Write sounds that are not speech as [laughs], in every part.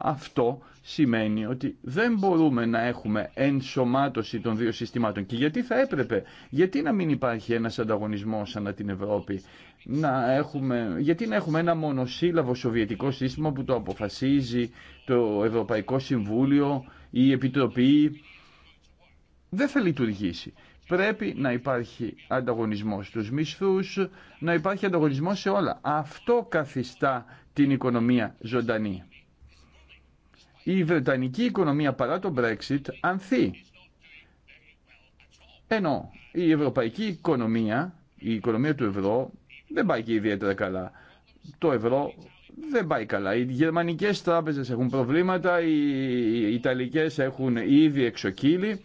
Αυτό σημαίνει ότι δεν μπορούμε να έχουμε ενσωμάτωση των δύο συστημάτων. Και γιατί θα έπρεπε, γιατί να μην υπάρχει ένας ανταγωνισμός ανά την Ευρώπη, να έχουμε, γιατί να έχουμε ένα μονοσύλλαβο σοβιετικό σύστημα που το αποφασίζει το Ευρωπαϊκό Συμβούλιο, η Επιτροπή, δεν θα λειτουργήσει. Πρέπει να υπάρχει ανταγωνισμός στους μισθούς, να υπάρχει ανταγωνισμός σε όλα. Αυτό καθιστά την οικονομία ζωντανή η Βρετανική οικονομία παρά το Brexit ανθεί. Ενώ η ευρωπαϊκή οικονομία, η οικονομία του ευρώ δεν πάει και ιδιαίτερα καλά. Το ευρώ δεν πάει καλά. Οι γερμανικές τράπεζες έχουν προβλήματα, οι ιταλικές έχουν ήδη εξοκύλει.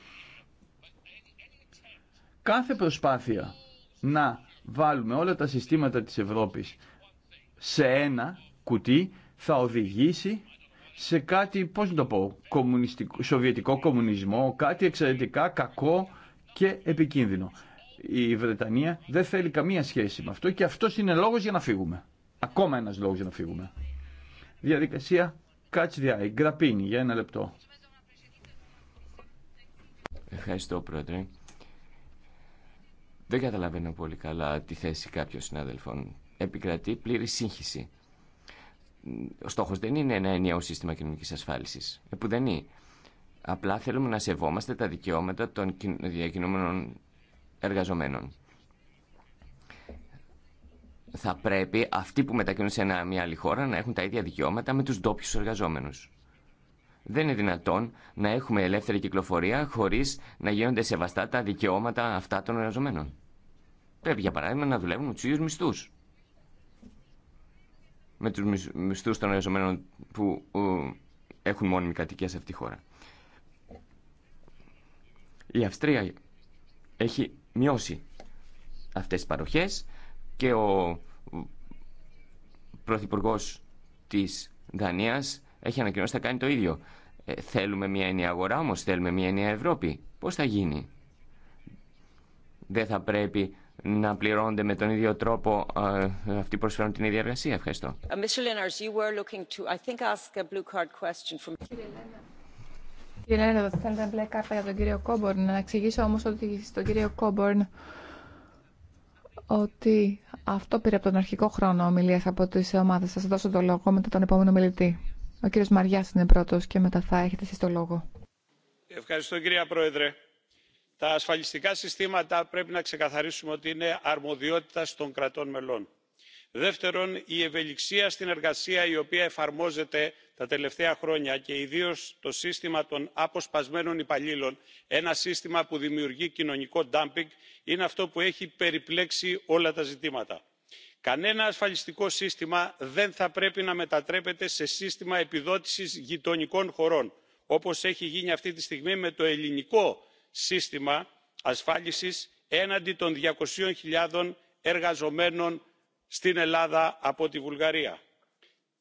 Κάθε προσπάθεια να βάλουμε όλα τα συστήματα της Ευρώπης σε ένα κουτί θα οδηγήσει σε κάτι, πώς να το πω, σοβιετικό κομμουνισμό, κάτι εξαιρετικά κακό και επικίνδυνο. Η Βρετανία δεν θέλει καμία σχέση με αυτό και αυτό είναι λόγος για να φύγουμε. Ακόμα ένας λόγος για να φύγουμε. Διαδικασία catch the eye, γκραπίνη για ένα λεπτό. Ευχαριστώ πρόεδρε. Δεν καταλαβαίνω πολύ καλά τη θέση κάποιων συνάδελφων. Επικρατεί πλήρη σύγχυση ο στόχος δεν είναι ένα ενιαίο σύστημα κοινωνικής ασφάλισης. Επουδενή. Απλά θέλουμε να σεβόμαστε τα δικαιώματα των διακινούμενων εργαζομένων. Θα πρέπει αυτοί που μετακινούν σε μια άλλη χώρα να έχουν τα ίδια δικαιώματα με τους ντόπιου εργαζόμενους. Δεν είναι δυνατόν να έχουμε ελεύθερη κυκλοφορία χωρίς να γίνονται σεβαστά τα δικαιώματα αυτά των εργαζομένων. Πρέπει για παράδειγμα να δουλεύουν με τους ίδιους μισθούς με τους μισθούς των εργαζομένων που έχουν μόνιμη κατοικία σε αυτή τη χώρα. Η Αυστρία έχει μειώσει αυτές τις παροχές και ο πρωθυπουργός της Δανίας έχει ανακοινώσει ότι θα κάνει το ίδιο. Ε, θέλουμε μια ενιαία αγορά όμως, θέλουμε μια ενιαία Ευρώπη. Πώς θα γίνει. Δεν θα πρέπει να πληρώνονται με τον ίδιο τρόπο ε, αυτοί που προσφέρουν την ίδια εργασία. Ευχαριστώ. Κύριε Λένερ, θέλετε μπλε κάρτα για τον κύριο Κόμπορν. Να εξηγήσω όμω ότι στον κύριο Κόμπορν ότι αυτό πήρε από τον αρχικό χρόνο ομιλία από τι ομάδε. Θα σα δώσω το λόγο μετά τον επόμενο μιλητή. Ο κύριο Μαριά είναι πρώτο και μετά θα έχετε εσεί το λόγο. Ευχαριστώ, κύριε Πρόεδρε τα ασφαλιστικά συστήματα πρέπει να ξεκαθαρίσουμε ότι είναι αρμοδιότητα των κρατών μελών. δεύτερον η ευελιξία στην εργασία η οποία εφαρμόζεται τα τελευταία χρόνια και ιδίως το σύστημα των αποσπασμένων υπαλλήλων ένα σύστημα που δημιουργεί κοινωνικό ντάμπινγκ είναι αυτό που έχει περιπλέξει όλα τα ζητήματα. κανένα ασφαλιστικό σύστημα δεν θα πρέπει να μετατρέπεται σε σύστημα επιδότησης γειτονικών χωρών όπως έχει γίνει αυτή τη στιγμή με το ελληνικό σύστημα ασφάλισης έναντι των διακοσίων εργαζομένων στην ελλάδα από τη βουλγαρία.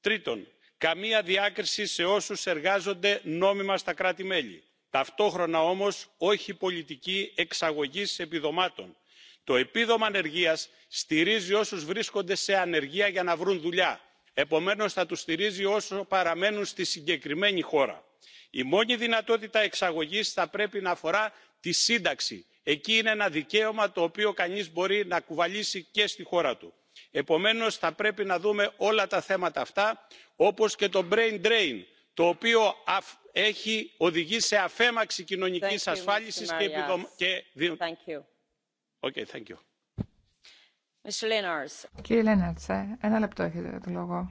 τρίτον καμία διάκριση σε όσους εργάζονται νόμιμα στα κράτη μέλη ταυτόχρονα όμως όχι πολιτική εξαγωγής επιδομάτων. το επίδομα ανεργίας στηρίζει όσους βρίσκονται σε ανεργία για να βρουν δουλειά επομένως θα τους στηρίζει όσο παραμένουν στη συγκεκριμένη χώρα. η μόνη δυνατότητα εξαγωγής θα πρέπει να αφορά τη σύνταξη εκεί είναι ένα δικαίωμα το οποίο κανείς μπορεί να κουβαλήσει και στη χώρα του. επομένως θα πρέπει να δούμε όλα τα θέματα αυτά όπως και το brain drain το οποίο έχει οδηγήσει σε αφέμαξη κοινωνικής ασφάλισης και Κύριε Λέναρτσε, ένα λεπτό έχετε το λόγο.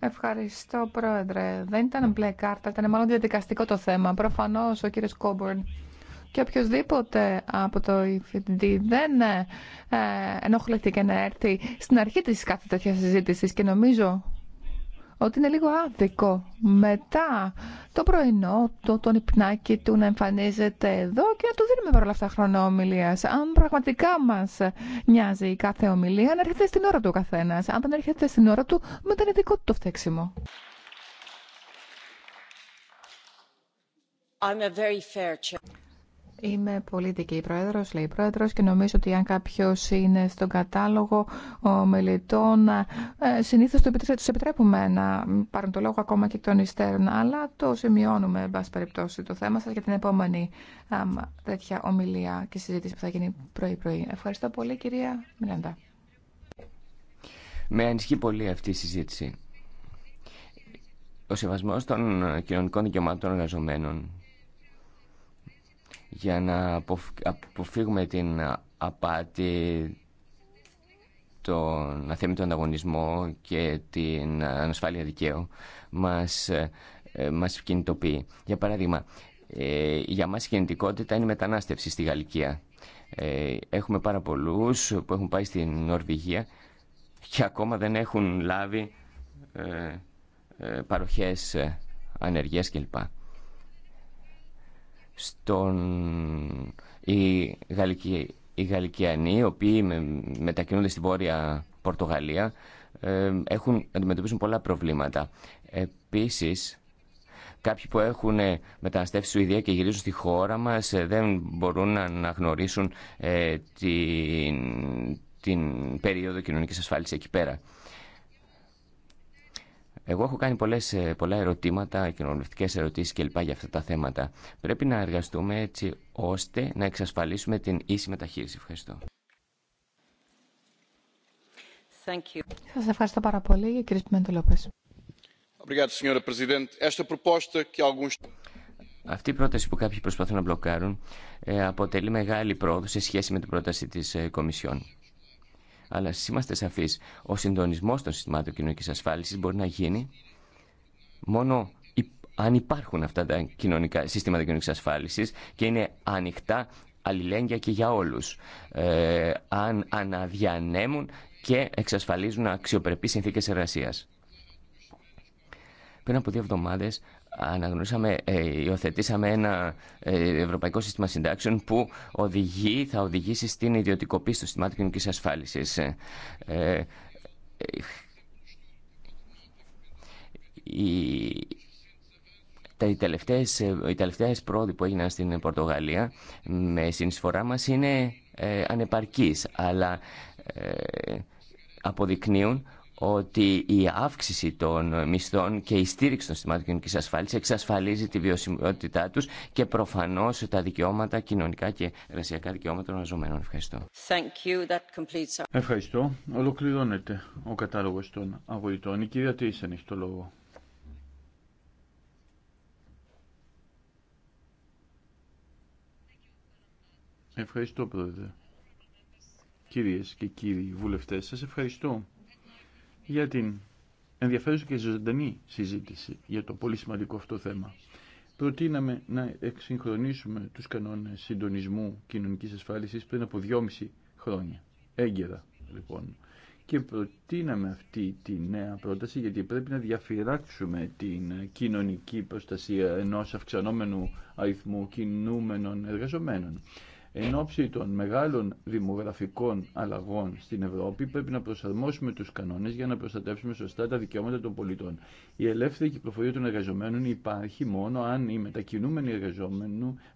Ευχαριστώ, Πρόεδρε. Δεν ήταν μπλε κάρτα, ήταν μάλλον διαδικαστικό το θέμα. Προφανώ ο κύριο Κόμπορν και οποιοδήποτε από το EFD δεν ε, ενοχλήθηκε να έρθει στην αρχή τη κάθε τέτοια συζήτηση και νομίζω ότι είναι λίγο άδικο μετά το πρωινό, το, τον υπνάκι του να εμφανίζεται εδώ και να του δίνουμε παρόλα αυτά χρόνο ομιλία. Αν πραγματικά μα νοιάζει η κάθε ομιλία, να έρχεται στην ώρα του ο καθένα. Αν δεν έρχεται στην ώρα του, μετά είναι δικό του το φταίξιμο. I'm a very fair Είμαι πολιτική πρόεδρο, λέει πρόεδρο, και νομίζω ότι αν κάποιο είναι στον κατάλογο ομιλητών ε, συνήθω του επιτρέπουμε να πάρουν το λόγο ακόμα και εκ των υστέρων αλλά το σημειώνουμε εν πάση περιπτώσει το θέμα σα για την επόμενη τέτοια ομιλία και συζήτηση που θα γίνει πρωί-πρωί. Ευχαριστώ πολύ κυρία Μιλάντα. Με ανισχύει πολύ αυτή η συζήτηση. Ο σεβασμό των κοινωνικών δικαιωμάτων των εργαζομένων για να αποφύγουμε την απάτη, τον αθέμητο ανταγωνισμό και την ανασφάλεια δικαίου μας, ε, μας κινητοποιεί. Για παράδειγμα, ε, για μας η κινητικότητα είναι η μετανάστευση στη Γαλλικία. Ε, έχουμε πάρα πολλούς που έχουν πάει στην Νορβηγία και ακόμα δεν έχουν λάβει παροχές ανεργίας κλπ στον... οι, Γαλλικοί, οι Γαλλικιανοί, οι οποίοι μετακινούνται στην Βόρεια Πορτογαλία, έχουν, αντιμετωπίζουν πολλά προβλήματα. Επίσης, κάποιοι που έχουν ε, μεταναστεύσει στη Σουηδία και γυρίζουν στη χώρα μας ε, δεν μπορούν να αναγνωρίσουν ε, την, την περίοδο κοινωνικής ασφάλισης εκεί πέρα. Εγώ έχω κάνει πολλές, ε, πολλά ερωτήματα, κοινωνιστικέ ερωτήσεις κλπ. για αυτά τα θέματα. Πρέπει να εργαστούμε έτσι ώστε να εξασφαλίσουμε την ίση μεταχείριση. Ευχαριστώ. Σα ευχαριστώ πάρα πολύ, κύριε Πιμέντε Αυτή η πρόταση που κάποιοι προσπαθούν να μπλοκάρουν ε, αποτελεί μεγάλη πρόοδο σε σχέση με την πρόταση της ε, Κομισιόν. Αλλά α είμαστε σαφεί. Ο συντονισμό των συστημάτων κοινωνική ασφάλισης μπορεί να γίνει μόνο αν υπάρχουν αυτά τα κοινωνικά, συστήματα κοινωνική ασφάλιση και είναι ανοιχτά, αλληλέγγυα και για όλου. Ε, αν αναδιανέμουν και εξασφαλίζουν αξιοπρεπείς συνθήκες εργασίας. Πριν από δύο εβδομάδες αναγνωρίσαμε, ε, υιοθετήσαμε ένα ε, ευρωπαϊκό σύστημα συντάξεων που οδηγεί, θα οδηγήσει στην ιδιωτικοποίηση του συστημάτου κοινωνική ασφάλιση. Ε, ε οι τελευταίες, ε, οι τελευταίες πρόοδοι που έγιναν στην Πορτογαλία με συνεισφορά μας είναι ανεπαρκής αλλά αποδεικνύουν ότι η αύξηση των μισθών και η στήριξη των συστημάτων κοινωνική ασφάλιση εξασφαλίζει τη βιωσιμότητά του και προφανώ τα δικαιώματα, κοινωνικά και εργασιακά δικαιώματα των εργαζομένων. Ευχαριστώ. Ευχαριστώ. Ολοκληρώνεται ο κατάλογο των αγωγητών. Η κυρία Τίσεν έχει το λόγο. Ευχαριστώ, Πρόεδρε. Κυρίες και κύριοι βουλευτές, σας ευχαριστώ για την ενδιαφέρουσα και ζωντανή συζήτηση για το πολύ σημαντικό αυτό θέμα. Προτείναμε να εξυγχρονίσουμε τους κανόνες συντονισμού κοινωνικής ασφάλισης πριν από δυόμιση χρόνια. Έγκαιρα, λοιπόν. Και προτείναμε αυτή τη νέα πρόταση γιατί πρέπει να διαφυράξουμε την κοινωνική προστασία ενός αυξανόμενου αριθμού κινούμενων εργαζομένων. Εν ώψη των μεγάλων δημογραφικών αλλαγών στην Ευρώπη πρέπει να προσαρμόσουμε τους κανόνες για να προστατεύσουμε σωστά τα δικαιώματα των πολιτών. Η ελεύθερη κυκλοφορία των εργαζομένων υπάρχει μόνο αν οι μετακινούμενοι ε,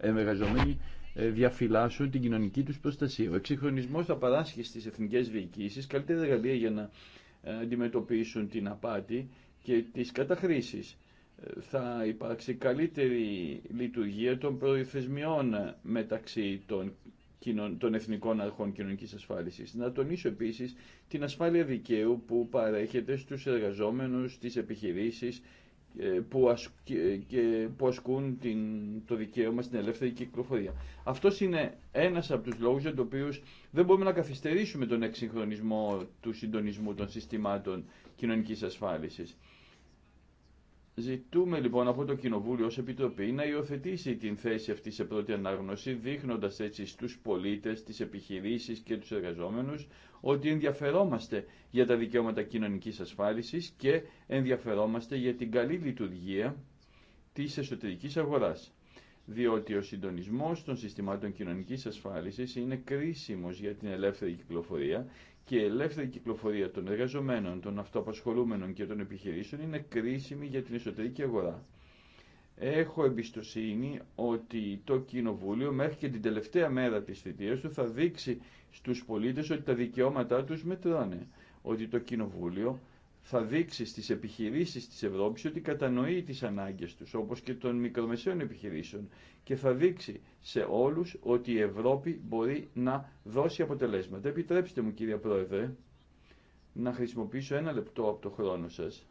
εργαζόμενοι ε, διαφυλάσσουν την κοινωνική τους προστασία. Ο εξυγχρονισμός θα παράσχει στις εθνικές διοικήσεις καλύτερη εργαλεία για να ε, αντιμετωπίσουν την απάτη και τις καταχρήσεις θα υπάρξει καλύτερη λειτουργία των προϋθεσμιών μεταξύ των, των Εθνικών Αρχών Κοινωνικής Ασφάλισης. Να τονίσω επίσης την ασφάλεια δικαίου που παρέχεται στους εργαζόμενους, στις επιχειρήσεις ε, που, ε, και που ασκούν την, το δικαίωμα στην ελεύθερη κυκλοφορία. Αυτό είναι ένας από τους λόγους για τους οποίους δεν μπορούμε να καθυστερήσουμε τον εξυγχρονισμό του συντονισμού των συστημάτων κοινωνικής ασφάλισης. Ζητούμε λοιπόν από το Κοινοβούλιο ως Επιτροπή να υιοθετήσει την θέση αυτή σε πρώτη ανάγνωση, δείχνοντας έτσι στους πολίτες, τις επιχειρήσεις και τους εργαζόμενους ότι ενδιαφερόμαστε για τα δικαιώματα κοινωνικής ασφάλισης και ενδιαφερόμαστε για την καλή λειτουργία της εσωτερικής αγοράς. Διότι ο συντονισμός των συστημάτων κοινωνικής ασφάλισης είναι κρίσιμος για την ελεύθερη κυκλοφορία και ελεύθερη κυκλοφορία των εργαζομένων, των αυτοαπασχολούμενων και των επιχειρήσεων είναι κρίσιμη για την εσωτερική αγορά. Έχω εμπιστοσύνη ότι το Κοινοβούλιο μέχρι και την τελευταία μέρα της θητείας του θα δείξει στους πολίτες ότι τα δικαιώματά τους μετράνε, ότι το Κοινοβούλιο θα δείξει στις επιχειρήσεις της Ευρώπης ότι κατανοεί τις ανάγκες τους, όπως και των μικρομεσαίων επιχειρήσεων και θα δείξει σε όλους ότι η Ευρώπη μπορεί να δώσει αποτελέσματα. Επιτρέψτε μου κύριε Πρόεδρε να χρησιμοποιήσω ένα λεπτό από το χρόνο σας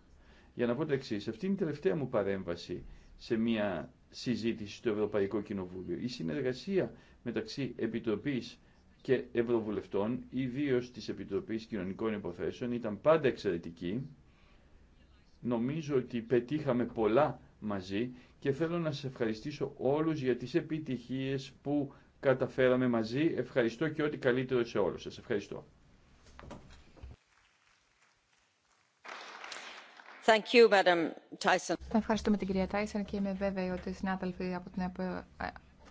για να πω το εξή. Αυτή είναι η τελευταία μου παρέμβαση σε μια συζήτηση στο Ευρωπαϊκό Κοινοβούλιο. Η συνεργασία μεταξύ Επιτροπής και ευρωβουλευτών, ιδίω τη Επιτροπή Κοινωνικών Υποθέσεων, ήταν πάντα εξαιρετική. Νομίζω ότι πετύχαμε πολλά μαζί και θέλω να σας ευχαριστήσω όλους για τις επιτυχίες που καταφέραμε μαζί. Ευχαριστώ και ό,τι καλύτερο σε όλους σας. Ευχαριστώ. Thank Ευχαριστούμε την κυρία Τάισον και είμαι βέβαιη ότι οι συνάδελφοι από την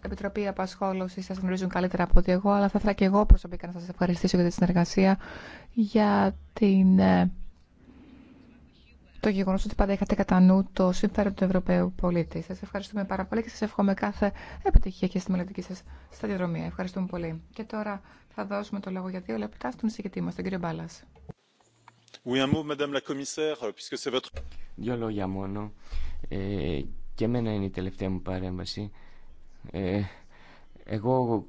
Επιτροπή Απασχόλωση σα γνωρίζουν καλύτερα από ότι εγώ, αλλά θα ήθελα και εγώ προσωπικά να σα ευχαριστήσω για τη συνεργασία, για την... Ε, το γεγονό ότι πάντα είχατε κατά νου το συμφέρον του Ευρωπαίου πολίτη. Σα ευχαριστούμε πάρα πολύ και σα εύχομαι κάθε επιτυχία και στη μελλοντική σα σταδιοδρομία. Ευχαριστούμε πολύ. Και τώρα θα δώσουμε το λόγο για δύο λεπτά στον συγκεκριτή μα, τον κύριο Μπάλλα. Δύο λόγια μόνο. Ε, και εμένα είναι η τελευταία μου παρέμβαση. Ε, εγώ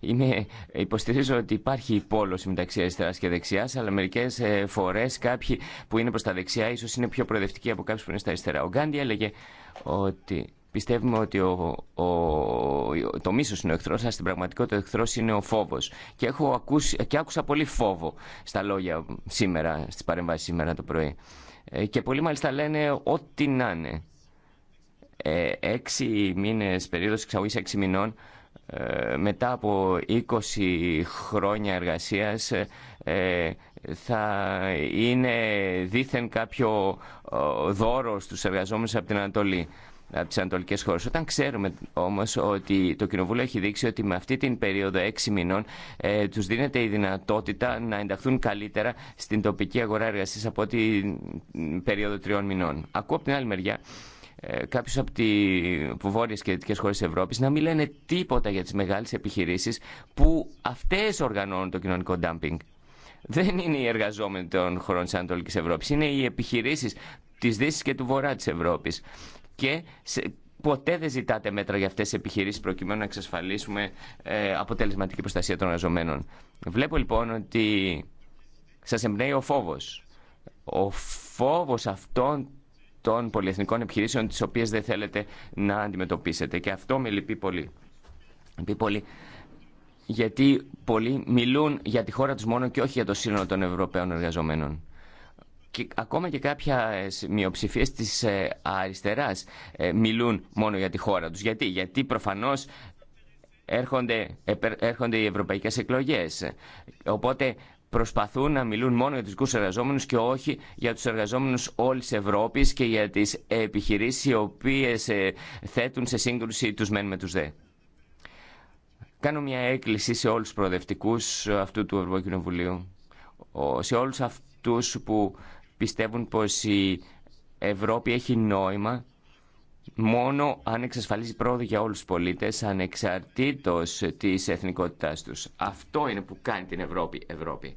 είναι, υποστηρίζω ότι υπάρχει υπόλωση μεταξύ αριστερά και δεξιά, αλλά μερικέ ε, φορέ κάποιοι που είναι προ τα δεξιά ίσω είναι πιο προοδευτικοί από κάποιου που είναι στα αριστερά. Ο Γκάντι έλεγε ότι πιστεύουμε ότι ο, το μίσο είναι ο εχθρό, αλλά στην πραγματικότητα ο εχθρό είναι ο φόβο. Και, έχω και άκουσα πολύ φόβο στα λόγια σήμερα, στι παρεμβάσει σήμερα το πρωί. Ε, και πολλοί μάλιστα λένε ό,τι να είναι. Ε, έξι μήνες περίοδος εξαγωγής έξι μηνών ε, μετά από 20 χρόνια εργασίας ε, θα είναι δήθεν κάποιο δώρο στους εργαζόμενους από την Ανατολή από τις ανατολικές χώρες. Όταν ξέρουμε όμως ότι το Κοινοβούλιο έχει δείξει ότι με αυτή την περίοδο έξι μηνών ε, τους δίνεται η δυνατότητα να ενταχθούν καλύτερα στην τοπική αγορά εργασίας από την περίοδο τριών μηνών. Ακούω από την άλλη μεριά κάποιου ε, κάποιους από, τη, βόρειες και δυτικές χώρες της Ευρώπης να μην λένε τίποτα για τις μεγάλες επιχειρήσεις που αυτές οργανώνουν το κοινωνικό ντάμπινγκ. Δεν είναι οι εργαζόμενοι των χωρών της Ανατολικής Ευρώπης, είναι οι επιχειρήσεις της Δύσης και του Βορρά της Ευρώπης. Και ποτέ δεν ζητάτε μέτρα για αυτές τις επιχειρήσεις προκειμένου να εξασφαλίσουμε ε, αποτελεσματική προστασία των εργαζομένων. Βλέπω λοιπόν ότι σας εμπνέει ο φόβος. Ο φόβος αυτών των πολυεθνικών επιχειρήσεων τις οποίες δεν θέλετε να αντιμετωπίσετε. Και αυτό με λυπεί πολύ. πολύ. Γιατί πολλοί μιλούν για τη χώρα τους μόνο και όχι για το σύνολο των Ευρωπαίων εργαζομένων. Και ακόμα και κάποια ε, μειοψηφίε της ε, αριστεράς ε, μιλούν μόνο για τη χώρα τους. Γιατί, Γιατί προφανώς έρχονται, έρχονται οι ευρωπαϊκές εκλογές. Οπότε προσπαθούν να μιλούν μόνο για τους εργαζόμενου εργαζόμενους και όχι για τους εργαζόμενους όλης Ευρώπης και για τις επιχειρήσεις οι οποίες ε, θέτουν σε σύγκρουση τους μεν με τους δε. Κάνω μια έκκληση σε όλους τους προοδευτικούς αυτού του Ευρωκοινοβουλίου, σε όλους αυτούς που πιστεύουν πως η Ευρώπη έχει νόημα μόνο αν εξασφαλίζει πρόοδο για όλους τους πολίτες, ανεξαρτήτως της εθνικότητάς τους. Αυτό είναι που κάνει την Ευρώπη Ευρώπη.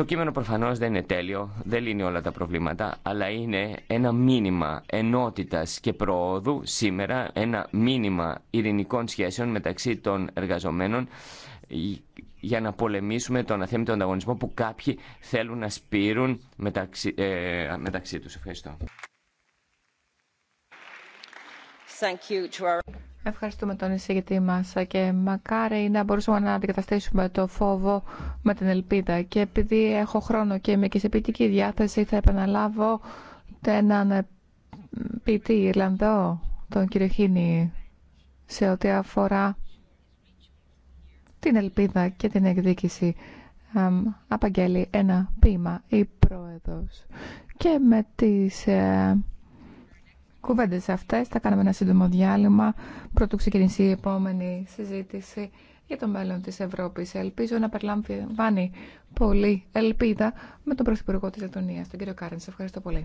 Το κείμενο προφανώ δεν είναι τέλειο, δεν λύνει όλα τα προβλήματα, αλλά είναι ένα μήνυμα ενότητας και προόδου σήμερα, ένα μήνυμα ειρηνικών σχέσεων μεταξύ των εργαζομένων για να πολεμήσουμε τον αθέμητο ανταγωνισμό που κάποιοι θέλουν να σπείρουν μεταξύ, ε, μεταξύ τους. Ευχαριστώ. Thank you to our... Ευχαριστούμε τον εισηγητή μα και μακάρι να μπορούσαμε να αντικαταστήσουμε το φόβο με την ελπίδα. Και επειδή έχω χρόνο και είμαι και σε διάθεση θα επαναλάβω έναν ποιητή Ιρλανδό, τον κύριο Χίνη, σε ό,τι αφορά την ελπίδα και την εκδίκηση. Απαγγέλει ένα ποίημα η πρόεδρος. Και με τις ε, κουβέντε αυτέ. Θα κάνουμε ένα σύντομο διάλειμμα πρωτού ξεκινήσει η επόμενη συζήτηση για το μέλλον της Ευρώπης. Ελπίζω να περιλαμβάνει πολύ ελπίδα με τον Πρωθυπουργό της Λετωνία, τον κύριο Κάρεν. ευχαριστώ πολύ.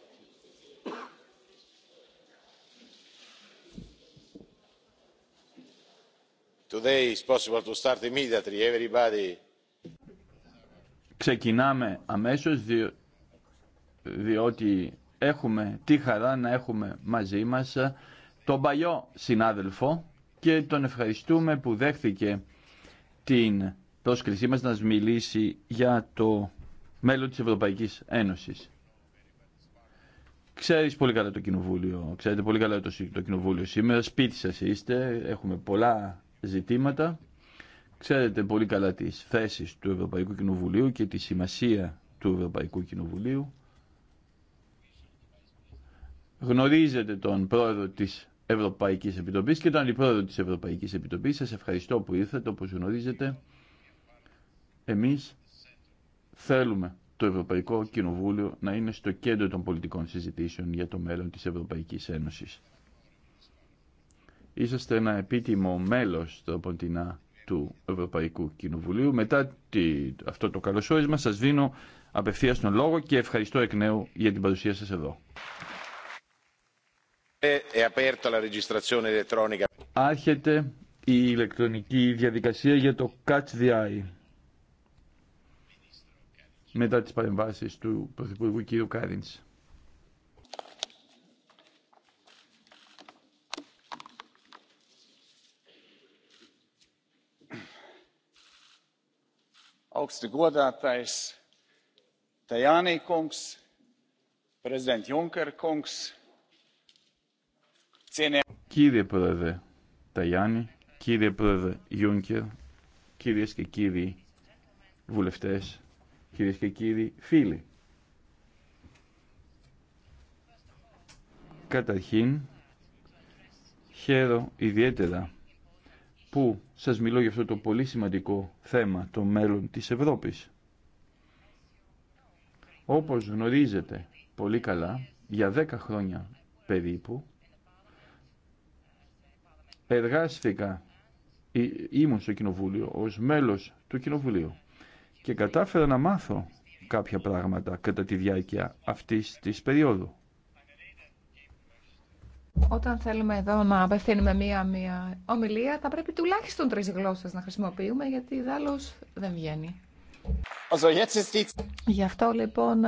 Ξεκινάμε αμέσως διότι έχουμε τη χαρά να έχουμε μαζί μας τον παλιό συνάδελφο και τον ευχαριστούμε που δέχθηκε την πρόσκλησή μας να μιλήσει για το μέλλον της Ευρωπαϊκής Ένωσης. Ξέρεις πολύ καλά το κοινοβούλιο, ξέρετε πολύ καλά το, το κοινοβούλιο σήμερα, σπίτι σας είστε, έχουμε πολλά ζητήματα. Ξέρετε πολύ καλά τις θέσεις του Ευρωπαϊκού Κοινοβουλίου και τη σημασία του Ευρωπαϊκού Κοινοβουλίου. Γνωρίζετε τον πρόεδρο της Ευρωπαϊκής Επιτροπής και τον αντιπρόεδρο της Ευρωπαϊκής Επιτροπής. Σας ευχαριστώ που ήρθατε, όπως γνωρίζετε. Εμείς θέλουμε το Ευρωπαϊκό Κοινοβούλιο να είναι στο κέντρο των πολιτικών συζητήσεων για το μέλλον της Ευρωπαϊκής Ένωσης είσαστε ένα επίτιμο μέλος το ποντινά του Ευρωπαϊκού Κοινοβουλίου. Μετά τη, αυτό το καλωσόρισμα σας δίνω απευθείας τον λόγο και ευχαριστώ εκ νέου για την παρουσία σας εδώ. Ε, ε, Άρχεται η ηλεκτρονική διαδικασία για το Catch the Eye μετά τις παρεμβάσεις του Πρωθυπουργού κ. Κάριντς. augsti godātais tajani kungs juncker kungs Κύριε Πρόεδρε Ταγιάννη, κύριε Πρόεδρε Γιούνκερ, κυρίες και κύριοι βουλευτές, κυρίες και κύριοι φίλοι. Καταρχήν, χαίρομαι ιδιαίτερα που σας μιλώ για αυτό το πολύ σημαντικό θέμα, το μέλλον της Ευρώπης. Όπως γνωρίζετε πολύ καλά, για δέκα χρόνια περίπου, εργάστηκα, ήμουν στο Κοινοβούλιο, ως μέλος του Κοινοβουλίου και κατάφερα να μάθω κάποια πράγματα κατά τη διάρκεια αυτής της περίοδου. Όταν θέλουμε εδώ να απευθύνουμε μία, μία ομιλία, θα πρέπει τουλάχιστον τρεις γλώσσες να χρησιμοποιούμε, γιατί δάλλως δεν βγαίνει. Γι' αυτό λοιπόν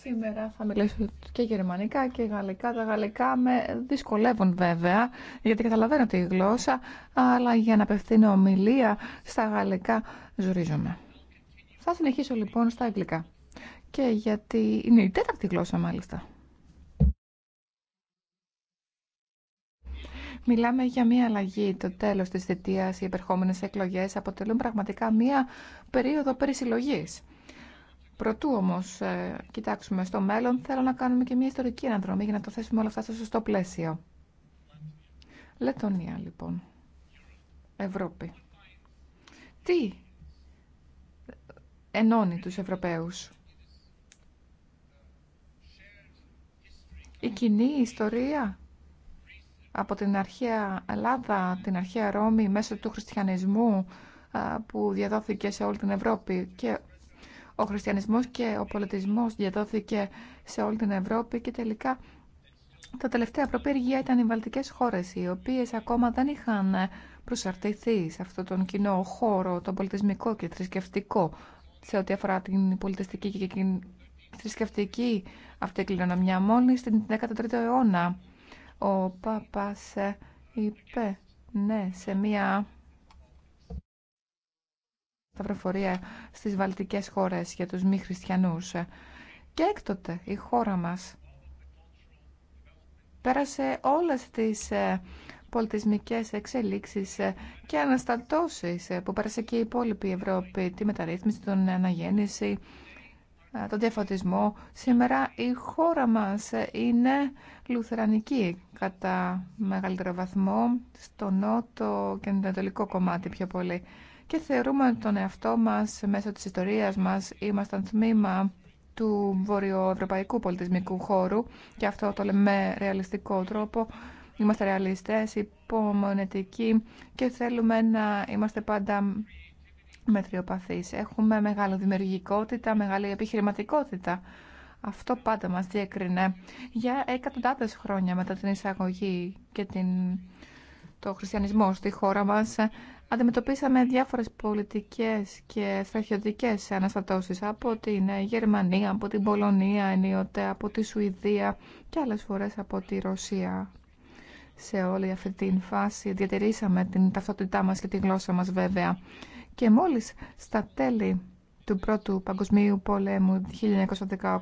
σήμερα θα μιλήσω και γερμανικά και γαλλικά. Τα γαλλικά με δυσκολεύουν βέβαια, γιατί καταλαβαίνω τη γλώσσα, αλλά για να απευθύνω ομιλία στα γαλλικά ζουρίζομαι. Θα συνεχίσω λοιπόν στα αγγλικά. Και γιατί είναι η τέταρτη γλώσσα μάλιστα. Μιλάμε για μια αλλαγή. Το τέλος της θητείας, οι επερχόμενε εκλογέ αποτελούν πραγματικά μια περίοδο περισυλλογή. Προτού όμω ε, κοιτάξουμε στο μέλλον, θέλω να κάνουμε και μια ιστορική αναδρομή για να το θέσουμε όλα αυτά στο σωστό πλαίσιο. Λετωνία, λοιπόν. Ευρώπη. Τι ενώνει τους Ευρωπαίους. Η κοινή ιστορία από την αρχαία Ελλάδα, την αρχαία Ρώμη, μέσω του χριστιανισμού που διαδόθηκε σε όλη την Ευρώπη και ο χριστιανισμός και ο πολιτισμός διαδόθηκε σε όλη την Ευρώπη και τελικά τα τελευταία προπήργια ήταν οι βαλτικές χώρες οι οποίες ακόμα δεν είχαν προσαρτηθεί σε αυτόν τον κοινό χώρο, τον πολιτισμικό και θρησκευτικό σε ό,τι αφορά την πολιτιστική και την θρησκευτική αυτή κληρονομιά μόλις στην 13ο αιώνα ο Παπάς είπε ναι σε μία σταυροφορία στις βαλτικές χώρες για τους μη χριστιανούς. Και έκτοτε η χώρα μας πέρασε όλες τις ε, πολιτισμικές εξελίξεις ε, και αναστατώσεις ε, που πέρασε και η υπόλοιπη Ευρώπη, τη μεταρρύθμιση, την αναγέννηση, ε, τον διαφωτισμό. Σήμερα η χώρα μας είναι λουθερανική κατά μεγαλύτερο βαθμό στο νότο και το ανατολικό κομμάτι πιο πολύ. Και θεωρούμε τον εαυτό μας μέσω της ιστορίας μας ήμασταν τμήμα του βορειοευρωπαϊκού πολιτισμικού χώρου και αυτό το λέμε με ρεαλιστικό τρόπο. Είμαστε ρεαλιστές, υπομονετικοί και θέλουμε να είμαστε πάντα μετριοπαθείς. Έχουμε μεγάλη δημιουργικότητα, μεγάλη επιχειρηματικότητα. Αυτό πάντα μας διέκρινε για εκατοντάδες χρόνια μετά την εισαγωγή και την... το χριστιανισμό στη χώρα μας. Αντιμετωπίσαμε διάφορες πολιτικές και στρατιωτικές αναστατώσεις από την Γερμανία, από την Πολωνία ενίοτε, από τη Σουηδία και άλλες φορές από τη Ρωσία. Σε όλη αυτή την φάση διατηρήσαμε την ταυτότητά μας και τη γλώσσα μας βέβαια. Και μόλις στα τέλη του Πρώτου Παγκοσμίου Πολέμου 1918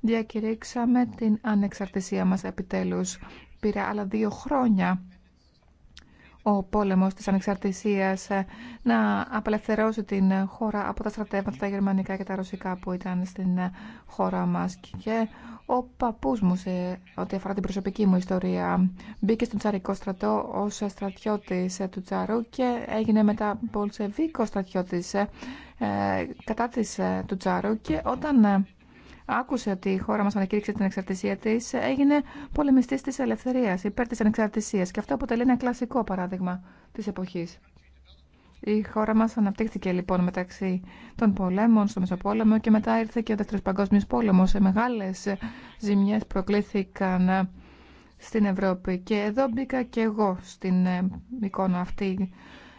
διακηρύξαμε την ανεξαρτησία μας επιτέλους. Πήρε άλλα δύο χρόνια ο πόλεμος της ανεξαρτησίας ε, να απελευθερώσει την χώρα από τα στρατεύματα τα γερμανικά και τα ρωσικά που ήταν στην ε, χώρα μας. Και ο παππούς μου, σε ό,τι αφορά την προσωπική μου ιστορία, μπήκε στον τσαρικό στρατό ως στρατιώτης ε, του Τσάρου και έγινε μετά πολσεβίκο στρατιώτης κατά της του Τσάρου και όταν άκουσε ότι η χώρα μα ανακήρυξε την εξαρτησία τη, έγινε πολεμιστή τη ελευθερία, υπέρ τη ανεξαρτησία. και αυτό αποτελεί ένα κλασικό παράδειγμα τη εποχή. Η χώρα μας αναπτύχθηκε λοιπόν μεταξύ των πολέμων στο Μεσοπόλεμο και μετά ήρθε και ο Δεύτερος Παγκόσμιος Πόλεμος. Σε μεγάλες ζημιές προκλήθηκαν στην Ευρώπη και εδώ μπήκα και εγώ στην ε, εικόνα αυτή.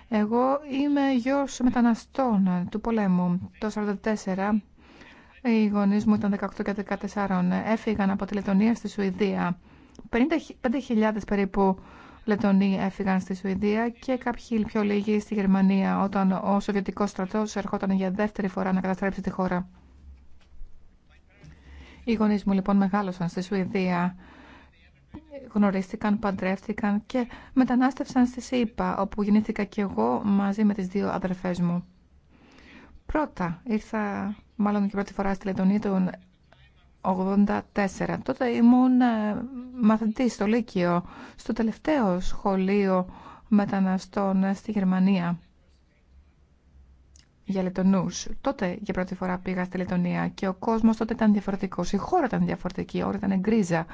Εγώ είμαι γιος μεταναστών του πολέμου το 1944 οι γονεί μου ήταν 18 και 14. Έφυγαν από τη Λετωνία στη Σουηδία. 55.000 περίπου Λετωνοί έφυγαν στη Σουηδία και κάποιοι πιο λίγοι στη Γερμανία όταν ο Σοβιετικό στρατός ερχόταν για δεύτερη φορά να καταστρέψει τη χώρα. Οι γονεί μου λοιπόν μεγάλωσαν στη Σουηδία, γνωρίστηκαν, παντρεύτηκαν και μετανάστευσαν στη ΣΥΠΑ όπου γεννήθηκα και εγώ μαζί με τις δύο αδερφές μου. Πρώτα ήρθα, μάλλον και πρώτη φορά στη Λετωνία το 1984. Τότε ήμουν ε, μαθητής στο Λύκειο, στο τελευταίο σχολείο μεταναστών στη Γερμανία για Λετωνού. Τότε για πρώτη φορά πήγα στη Λετωνία και ο κόσμο τότε ήταν διαφορετικό. Η χώρα ήταν διαφορετική, όλα ήταν γκρίζα.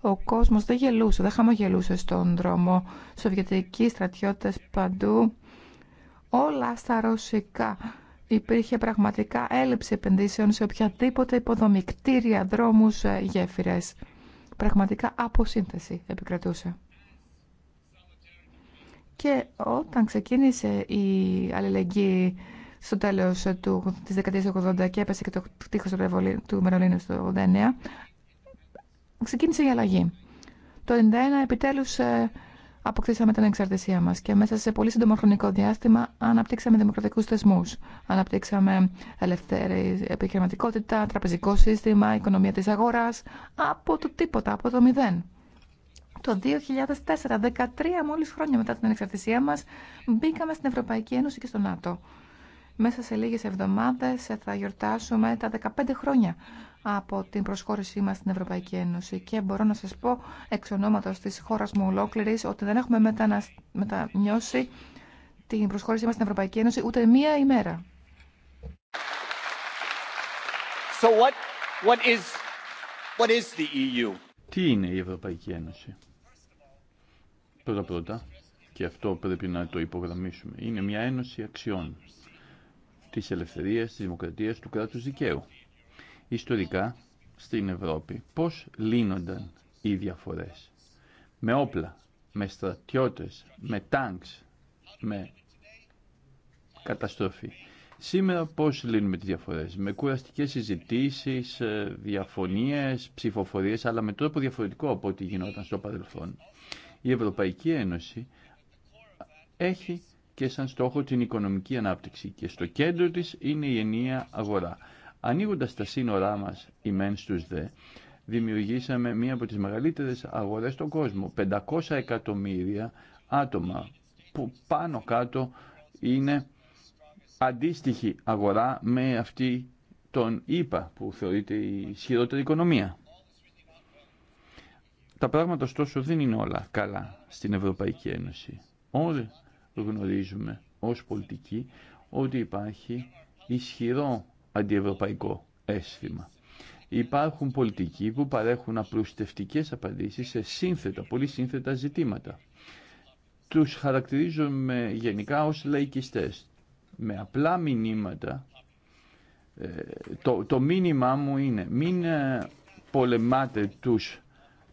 Ο κόσμο δεν γελούσε, δεν χαμογελούσε στον δρόμο. Σοβιετικοί στρατιώτε παντού. Όλα στα ρωσικά υπήρχε πραγματικά έλλειψη επενδύσεων σε οποιαδήποτε υποδομή, κτίρια, δρόμους, ε, γέφυρες. Πραγματικά αποσύνθεση επικρατούσε. Και όταν ξεκίνησε η αλληλεγγύη στο τέλος του, της δεκαετίας του 80 και έπεσε και το τείχος του Μερολίνου στο 89, ξεκίνησε η αλλαγή. Το 91 επιτέλους ε, αποκτήσαμε την εξαρτησία μας και μέσα σε πολύ σύντομο χρονικό διάστημα αναπτύξαμε δημοκρατικούς θεσμούς. Αναπτύξαμε ελευθερή επιχειρηματικότητα, τραπεζικό σύστημα, οικονομία της αγοράς, από το τίποτα, από το μηδέν. Το 2004, 13 μόλις χρόνια μετά την ανεξαρτησία μας, μπήκαμε στην Ευρωπαϊκή Ένωση και στο ΝΑΤΟ. Μέσα σε λίγες εβδομάδες θα γιορτάσουμε τα 15 χρόνια από την προσχώρησή μας στην Ευρωπαϊκή Ένωση και μπορώ να σας πω εξ ονόματος της χώρας μου ολόκληρη ότι δεν έχουμε μετανασ... μετανιώσει την προσχώρησή μας στην Ευρωπαϊκή Ένωση ούτε μία ημέρα. So what, what is, what is the EU? Τι είναι η Ευρωπαϊκή Ένωση? Πρώτα πρώτα, και αυτό πρέπει να το υπογραμμίσουμε, είναι μια ένωση αξιών της ελευθερίας, της δημοκρατίας, του κράτους δικαίου ιστορικά στην Ευρώπη. Πώς λύνονταν οι διαφορές. Με όπλα, με στρατιώτες, με τάγκς, με καταστροφή. Σήμερα πώς λύνουμε τις διαφορές. Με κουραστικές συζητήσεις, ε, διαφωνίες, ψηφοφορίες, αλλά με τρόπο διαφορετικό από ό,τι γινόταν στο παρελθόν. Η Ευρωπαϊκή Ένωση έχει και σαν στόχο την οικονομική ανάπτυξη και στο κέντρο της είναι η ενιαία αγορά. Ανοίγοντας τα σύνορά μας οι μεν στου δε, δημιουργήσαμε μία από τις μεγαλύτερες αγορές στον κόσμο. 500 εκατομμύρια άτομα που πάνω κάτω είναι αντίστοιχη αγορά με αυτή τον ΙΠΑ που θεωρείται η ισχυρότερη οικονομία. Τα πράγματα ωστόσο δεν είναι όλα καλά στην Ευρωπαϊκή Ένωση. Όλοι γνωρίζουμε ως πολιτικοί ότι υπάρχει ισχυρό αντιευρωπαϊκό αίσθημα. Υπάρχουν πολιτικοί που παρέχουν απλουστευτικές απαντήσεις σε σύνθετα, πολύ σύνθετα ζητήματα. Τους χαρακτηρίζουμε γενικά ως λαϊκιστές. Με απλά μηνύματα, ε, το, το μήνυμά μου είναι μην ε, πολεμάτε τους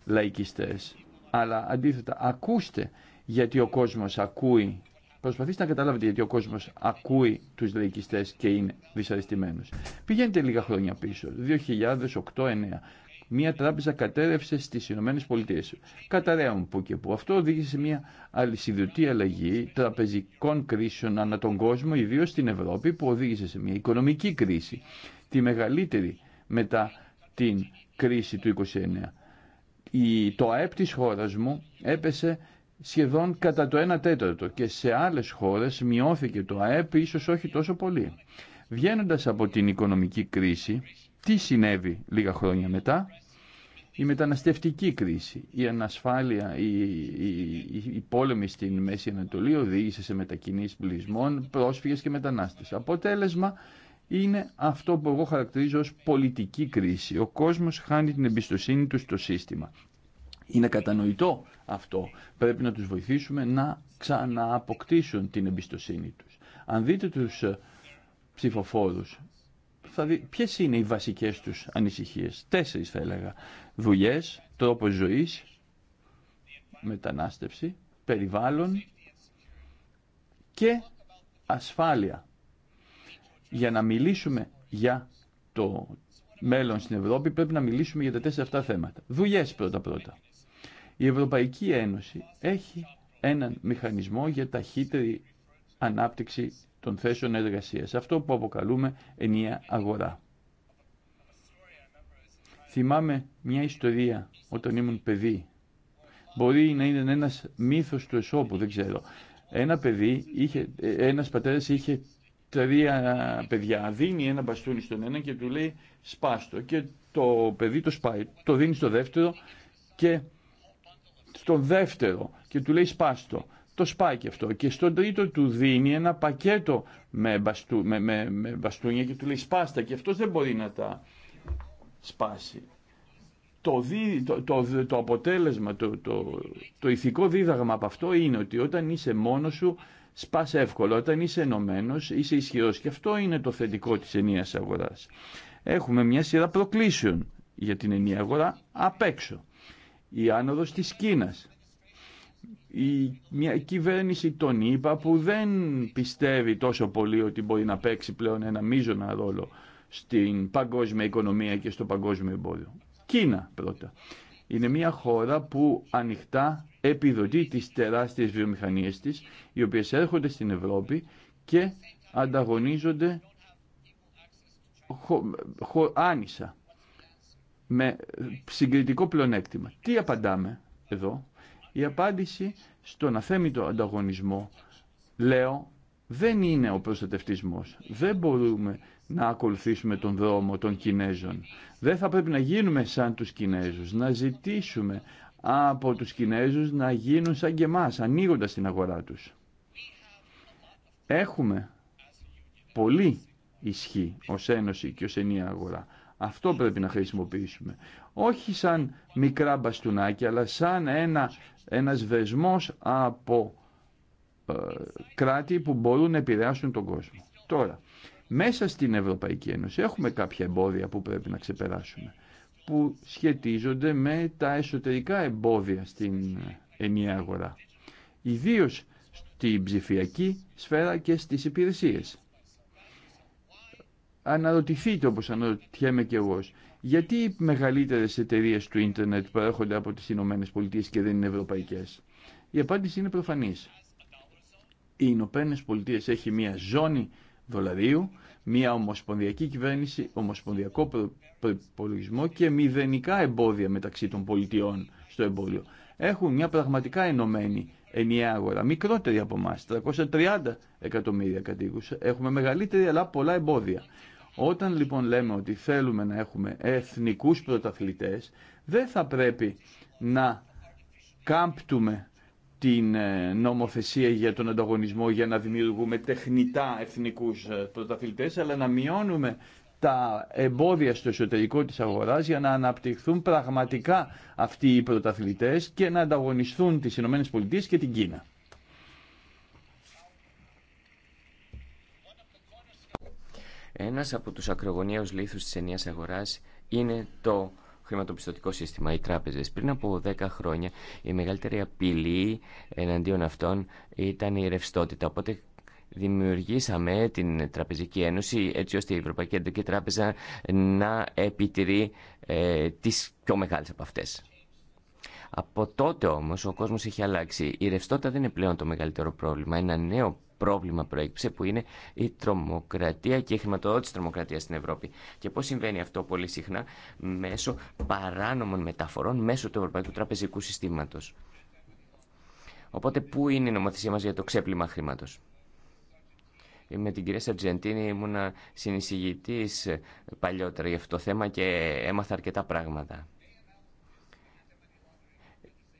λαϊκιστές, αλλά αντίθετα ακούστε γιατί ο κόσμος ακούει Προσπαθήστε να καταλάβετε γιατί ο κόσμος ακούει τους λαϊκιστές και είναι δυσαρεστημένος. Πηγαίνετε λίγα χρόνια πίσω, 2008-2009. Μία τράπεζα κατέρευσε στις Ηνωμένε Πολιτείε. Καταραίων που και που. Αυτό οδήγησε σε μια αλυσιδωτή αλλαγή τραπεζικών κρίσεων ανά τον κόσμο, ιδίω στην Ευρώπη, που οδήγησε σε μια οικονομική κρίση. Τη μεγαλύτερη μετά την κρίση του 1929. το ΑΕΠ τη χώρα μου έπεσε σχεδόν κατά το 1 τέταρτο και σε άλλες χώρες μειώθηκε το ΑΕΠ ίσως όχι τόσο πολύ. Βγαίνοντας από την οικονομική κρίση, τι συνέβη λίγα χρόνια μετά, η μεταναστευτική κρίση, η ανασφάλεια, η, η, η πόλεμη στην Μέση Ανατολή οδήγησε σε μετακινήσεις πλεισμών, πρόσφυγες και μετανάστες. Αποτέλεσμα είναι αυτό που εγώ χαρακτηρίζω ως πολιτική κρίση. Ο κόσμος χάνει την εμπιστοσύνη του στο σύστημα. Είναι κατανοητό αυτό. Πρέπει να τους βοηθήσουμε να ξανααποκτήσουν την εμπιστοσύνη τους. Αν δείτε τους ε, ψηφοφόρους, θα δει ποιες είναι οι βασικές τους ανησυχίες. Τέσσερις θα έλεγα. Δουλειές, τρόπος ζωής, μετανάστευση, περιβάλλον και ασφάλεια. Για να μιλήσουμε για το μέλλον στην Ευρώπη πρέπει να μιλήσουμε για τα τέσσερα αυτά θέματα. Δουλειές πρώτα-πρώτα. Η Ευρωπαϊκή Ένωση έχει έναν μηχανισμό για ταχύτερη ανάπτυξη των θέσεων εργασίας. Αυτό που αποκαλούμε ενιαία αγορά. Θυμάμαι μια ιστορία όταν ήμουν παιδί. Μπορεί να είναι ένας μύθος του εσώπου, δεν ξέρω. Ένα παιδί, είχε, ένας πατέρας είχε τρία παιδιά. Δίνει ένα μπαστούνι στον ένα και του λέει σπάστο. Και το παιδί το σπάει. Το δίνει στο δεύτερο και το δεύτερο και του λέει σπάστο. Το σπάει και αυτό. Και στον τρίτο του δίνει ένα πακέτο με, μπαστού, με, με, με μπαστούνια και του λέει σπάστα και αυτός δεν μπορεί να τα σπάσει. Το, το, το, αποτέλεσμα, το, το, το ηθικό δίδαγμα από αυτό είναι ότι όταν είσαι μόνος σου σπάς εύκολα, όταν είσαι ενωμένο, είσαι ισχυρός. Και αυτό είναι το θετικό της ενίας αγοράς. Έχουμε μια σειρά προκλήσεων για την ενία αγορά απ' έξω η άνοδος της Κίνας. Η, μια κυβέρνηση τον ΗΠΑ που δεν πιστεύει τόσο πολύ ότι μπορεί να παίξει πλέον ένα μείζωνα ρόλο στην παγκόσμια οικονομία και στο παγκόσμιο εμπόριο. Κίνα πρώτα. Είναι μια χώρα που ανοιχτά επιδοτεί τις τεράστιες βιομηχανίες της, οι οποίες έρχονται στην Ευρώπη και ανταγωνίζονται χω, άνισα με ε, συγκριτικό πλεονέκτημα. Τι απαντάμε εδώ. Η απάντηση στον αθέμητο ανταγωνισμό, λέω, δεν είναι ο προστατευτισμός. Δεν μπορούμε να ακολουθήσουμε τον δρόμο των Κινέζων. Δεν θα πρέπει να γίνουμε σαν τους Κινέζους, να ζητήσουμε από τους Κινέζους να γίνουν σαν και εμάς, ανοίγοντας την αγορά τους. Έχουμε πολύ ισχύ ως Ένωση και ως ενία αγορά. Αυτό πρέπει να χρησιμοποιήσουμε. Όχι σαν μικρά μπαστούνάκια, αλλά σαν ένα, ένας βεσμός από ε, κράτη που μπορούν να επηρεάσουν τον κόσμο. Τώρα, μέσα στην Ευρωπαϊκή Ένωση έχουμε κάποια εμπόδια που πρέπει να ξεπεράσουμε, που σχετίζονται με τα εσωτερικά εμπόδια στην ενιαία αγορά. Ιδίως στην ψηφιακή σφαίρα και στις υπηρεσίες αναρωτηθείτε όπως αναρωτιέμαι και εγώ. Γιατί οι μεγαλύτερες εταιρείες του ίντερνετ προέρχονται από τις Ηνωμένε Πολιτείε και δεν είναι ευρωπαϊκές. Η απάντηση είναι προφανής. Οι Ηνωμένε Πολιτείε έχει μια ζώνη δολαρίου, μια ομοσπονδιακή κυβέρνηση, ομοσπονδιακό προπολογισμό και μηδενικά εμπόδια μεταξύ των πολιτιών στο εμπόριο. Έχουν μια πραγματικά ενωμένη ενιαία αγορά, μικρότερη από εμά, 330 εκατομμύρια κατοίκου. Έχουμε μεγαλύτερη αλλά πολλά εμπόδια. Όταν λοιπόν λέμε ότι θέλουμε να έχουμε εθνικούς πρωταθλητές, δεν θα πρέπει να κάμπτουμε την ε, νομοθεσία για τον ανταγωνισμό για να δημιουργούμε τεχνητά εθνικούς ε, πρωταθλητές, αλλά να μειώνουμε τα εμπόδια στο εσωτερικό της αγοράς για να αναπτυχθούν πραγματικά αυτοί οι πρωταθλητές και να ανταγωνιστούν τις ΗΠΑ και την Κίνα. Ένας από τους ακρογωνιαίους λήθους της ενίας αγοράς είναι το χρηματοπιστωτικό σύστημα, οι τράπεζες. Πριν από 10 χρόνια η μεγαλύτερη απειλή εναντίον αυτών ήταν η ρευστότητα. Οπότε δημιουργήσαμε την Τραπεζική Ένωση έτσι ώστε η Ευρωπαϊκή Εντοκή Τράπεζα να επιτηρεί ε, τις πιο μεγάλες από αυτές. Από τότε όμως ο κόσμος έχει αλλάξει. Η ρευστότητα δεν είναι πλέον το μεγαλύτερο πρόβλημα. Ένα νέο πρόβλημα προέκυψε που είναι η τρομοκρατία και η χρηματοδότηση τρομοκρατία στην Ευρώπη. Και πώ συμβαίνει αυτό πολύ συχνά μέσω παράνομων μεταφορών μέσω του Ευρωπαϊκού Τραπεζικού Συστήματος. Οπότε πού είναι η νομοθεσία μας για το ξέπλυμα χρήματο. Με την κυρία Σαρτζεντίνη ήμουνα συνεισηγητής παλιότερα για αυτό το θέμα και έμαθα αρκετά πράγματα.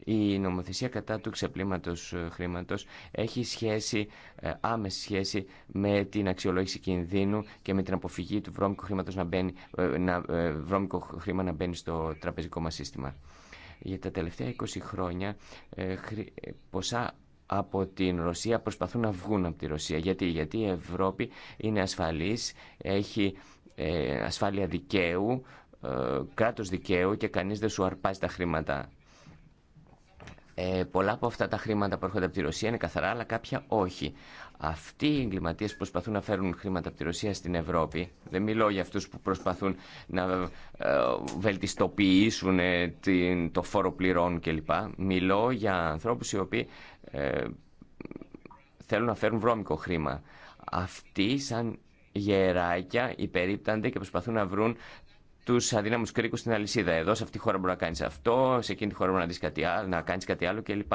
Η νομοθεσία κατά του ξεπλήματος ε, χρήματος έχει σχέση, ε, άμεση σχέση με την αξιολόγηση κινδύνου και με την αποφυγή του βρώμικου, χρήματος να μπαίνει, ε, να, βρώμικο χρήμα να μπαίνει στο τραπεζικό μας σύστημα. Για τα τελευταία 20 χρόνια ποσά από την Ρωσία προσπαθούν να βγουν από τη Ρωσία. Γιατί, Γιατί η Ευρώπη είναι ασφαλής, έχει ασφάλεια δικαίου, κράτος δικαίου και κανείς δεν σου αρπάζει τα χρήματα ε, πολλά από αυτά τα χρήματα που έρχονται από τη Ρωσία είναι καθαρά, αλλά κάποια όχι. Αυτοί οι εγκληματίε που προσπαθούν να φέρουν χρήματα από τη Ρωσία στην Ευρώπη, δεν μιλώ για αυτού που προσπαθούν να ε, βελτιστοποιήσουν ε, το φόρο πληρών κλπ. Μιλώ για ανθρώπου οι οποίοι ε, θέλουν να φέρουν βρώμικο χρήμα. Αυτοί, σαν γεράκια, υπερίπτανται και προσπαθούν να βρουν του αδύναμου κρίκου στην αλυσίδα. Εδώ σε αυτή τη χώρα μπορεί να κάνει αυτό, σε εκείνη τη χώρα μπορεί να, δεις κάτι άλλο, να κάνει κάτι άλλο κλπ.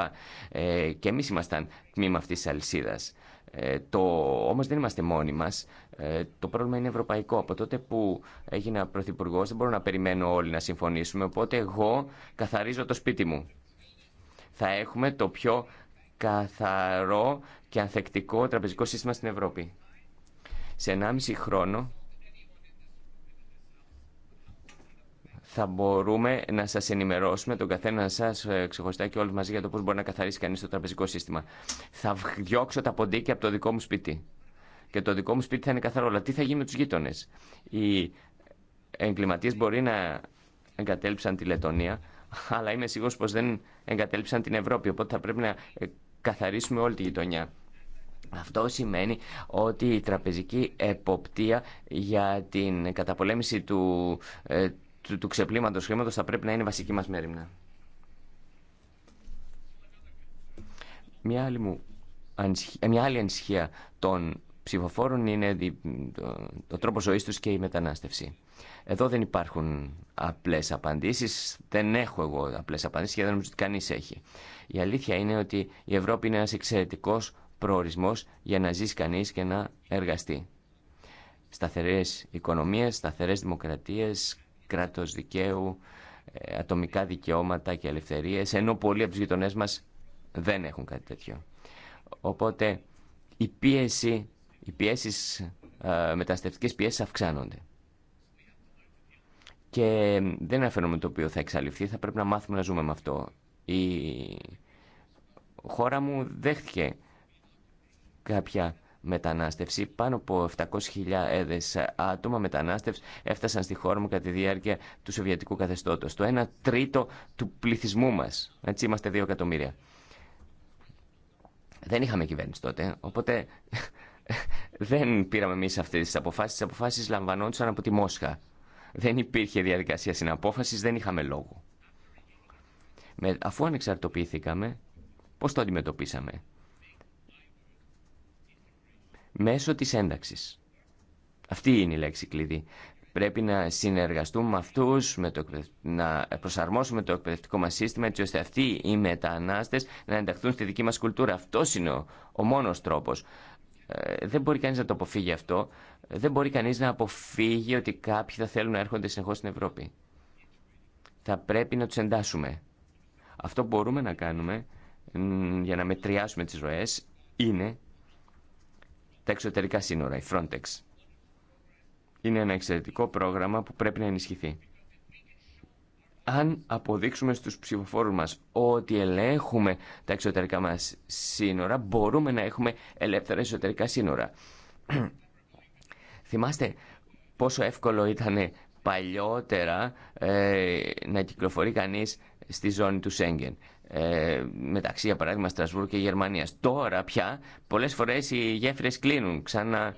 Ε, και εμεί ήμασταν τμήμα αυτή τη αλυσίδα. Ε, το, όμως δεν είμαστε μόνοι μας, ε, το πρόβλημα είναι ευρωπαϊκό. Από τότε που έγινα πρωθυπουργό, δεν μπορώ να περιμένω όλοι να συμφωνήσουμε, οπότε εγώ καθαρίζω το σπίτι μου. Θα έχουμε το πιο καθαρό και ανθεκτικό τραπεζικό σύστημα στην Ευρώπη. Σε 1,5 χρόνο θα μπορούμε να σα ενημερώσουμε τον καθένα σα ε, ξεχωριστά και όλου μαζί για το πώ μπορεί να καθαρίσει κανεί το τραπεζικό σύστημα. Θα διώξω τα ποντίκια από το δικό μου σπίτι. Και το δικό μου σπίτι θα είναι καθαρό. Αλλά τι θα γίνει με του γείτονε. Οι εγκληματίε μπορεί να εγκατέλειψαν τη Λετωνία, αλλά είμαι σίγουρο πω δεν εγκατέλειψαν την Ευρώπη. Οπότε θα πρέπει να ε, καθαρίσουμε όλη τη γειτονιά. Αυτό σημαίνει ότι η τραπεζική εποπτεία για την καταπολέμηση του, ε, του, του ξεπλήματος θα πρέπει να είναι βασική μας μέρημνα. Ε, μια άλλη, ανησυχία των ψηφοφόρων είναι το, το τρόπο ζωή του και η μετανάστευση. Εδώ δεν υπάρχουν απλές απαντήσεις, δεν έχω εγώ απλές απαντήσεις και δεν νομίζω ότι κανεί έχει. Η αλήθεια είναι ότι η Ευρώπη είναι ένας εξαιρετικό προορισμό για να ζήσει κανεί και να εργαστεί. Σταθερέ οικονομίε, σταθερέ δημοκρατίε κράτος δικαίου, ε, ατομικά δικαιώματα και ελευθερίες, ενώ πολλοί από τους γειτονές μας δεν έχουν κάτι τέτοιο. Οπότε η πίεση, οι πιέσεις, ε, μεταναστευτικές πιέσεις αυξάνονται. Και δεν είναι ένα φαινόμενο το οποίο θα εξαλειφθεί, θα πρέπει να μάθουμε να ζούμε με αυτό. Η χώρα μου δέχτηκε κάποια μετανάστευση. Πάνω από 700.000 άτομα μετανάστευση έφτασαν στη χώρα μου κατά τη διάρκεια του Σοβιετικού καθεστώτος. Το 1 τρίτο του πληθυσμού μας. Έτσι είμαστε 2 εκατομμύρια. Δεν είχαμε κυβέρνηση τότε, οπότε [laughs] δεν πήραμε εμεί αυτέ τι αποφάσει. Τι αποφάσει λαμβανόντουσαν από τη Μόσχα. Δεν υπήρχε διαδικασία συναπόφαση, δεν είχαμε λόγο. Με, αφού ανεξαρτοποιήθηκαμε, πώ το αντιμετωπίσαμε μέσω της ένταξης. Αυτή είναι η λέξη κλειδί. Πρέπει να συνεργαστούμε με αυτούς, με το, να προσαρμόσουμε το εκπαιδευτικό μας σύστημα έτσι ώστε αυτοί οι μετανάστες να ενταχθούν στη δική μας κουλτούρα. Αυτό είναι ο, ο μόνος τρόπος. Ε, δεν μπορεί κανείς να το αποφύγει αυτό. Δεν μπορεί κανείς να αποφύγει ότι κάποιοι θα θέλουν να έρχονται συνεχώς στην Ευρώπη. Θα πρέπει να τους εντάσσουμε. Αυτό που μπορούμε να κάνουμε για να μετριάσουμε τις ροές είναι τα εξωτερικά σύνορα, η Frontex. Είναι ένα εξαιρετικό πρόγραμμα που πρέπει να ενισχυθεί. Αν αποδείξουμε στους ψηφοφόρους μας ότι ελέγχουμε τα εξωτερικά μας σύνορα, μπορούμε να έχουμε ελεύθερα εσωτερικά σύνορα. Θυμάστε πόσο εύκολο ήταν παλιότερα ε, να κυκλοφορεί κανείς στη ζώνη του Σέγγεν. Ε, μεταξύ για παράδειγμα Στρασβούργου και Γερμανίας. Τώρα πια πολλές φορές οι γέφυρες κλείνουν, ξανά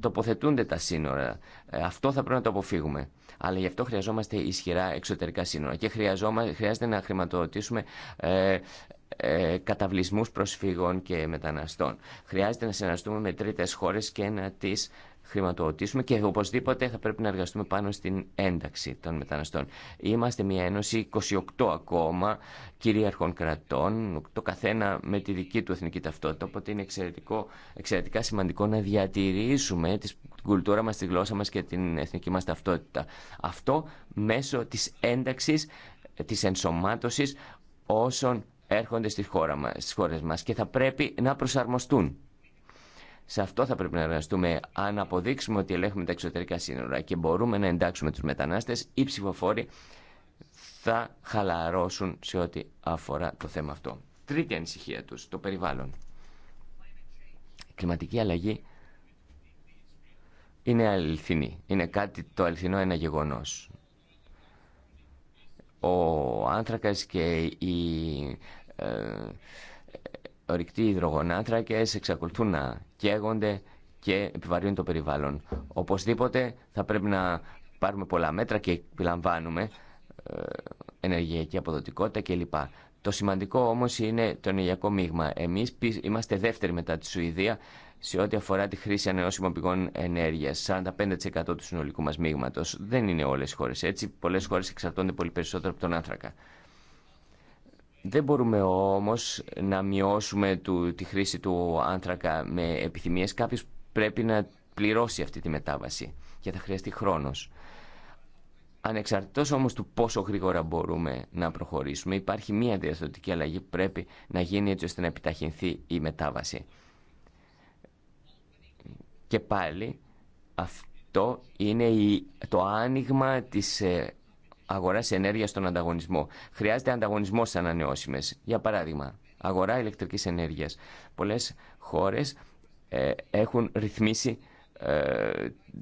τοποθετούνται τα σύνορα. Ε, αυτό θα πρέπει να το αποφύγουμε. Αλλά γι' αυτό χρειαζόμαστε ισχυρά εξωτερικά σύνορα και χρειάζεται να χρηματοδοτήσουμε ε, ε, καταβλισμούς προσφύγων και μεταναστών. Χρειάζεται να συνεργαστούμε με τρίτες χώρες και να τις χρηματοδοτήσουμε και οπωσδήποτε θα πρέπει να εργαστούμε πάνω στην ένταξη των μεταναστών. Είμαστε μια ένωση 28 ακόμα κυρίαρχων κρατών, το καθένα με τη δική του εθνική ταυτότητα, οπότε είναι εξαιρετικό, εξαιρετικά σημαντικό να διατηρήσουμε την κουλτούρα μας, τη γλώσσα μας και την εθνική μας ταυτότητα. Αυτό μέσω της ένταξης, της ενσωμάτωσης όσων έρχονται στη χώρα μας, στις χώρες μας και θα πρέπει να προσαρμοστούν σε αυτό θα πρέπει να εργαστούμε. Αν αποδείξουμε ότι ελέγχουμε τα εξωτερικά σύνορα και μπορούμε να εντάξουμε τους μετανάστες, οι ψηφοφόροι θα χαλαρώσουν σε ό,τι αφορά το θέμα αυτό. Τρίτη ανησυχία τους, το περιβάλλον. Η κλιματική αλλαγή είναι αληθινή. Είναι κάτι το αληθινό ένα γεγονός. Ο άνθρακας και η... Ε, ορυκτοί υδρογονάνθρακες εξακολουθούν να καίγονται και επιβαρύνουν το περιβάλλον. Οπωσδήποτε θα πρέπει να πάρουμε πολλά μέτρα και επιλαμβάνουμε ε, ενεργειακή αποδοτικότητα κλπ. Το σημαντικό όμως είναι το ενεργειακό μείγμα. Εμείς είμαστε δεύτεροι μετά τη Σουηδία σε ό,τι αφορά τη χρήση ανανεώσιμων πηγών ενέργεια, 45% του συνολικού μα μείγματο. Δεν είναι όλε οι χώρε έτσι. Πολλέ χώρε εξαρτώνται πολύ περισσότερο από τον άνθρακα. Δεν μπορούμε όμως να μειώσουμε του, τη χρήση του άνθρακα με επιθυμίες. Κάποιος πρέπει να πληρώσει αυτή τη μετάβαση και θα χρειαστεί χρόνος. Ανεξαρτητός όμως του πόσο γρήγορα μπορούμε να προχωρήσουμε, υπάρχει μία διαστατική αλλαγή που πρέπει να γίνει έτσι ώστε να επιταχυνθεί η μετάβαση. Και πάλι αυτό είναι το άνοιγμα της ε, αγορά ενέργεια στον ανταγωνισμό. Χρειάζεται ανταγωνισμό στι ανανεώσιμε. Για παράδειγμα, αγορά ηλεκτρική ενέργεια. Πολλέ χώρε ε, έχουν ρυθμίσει ε,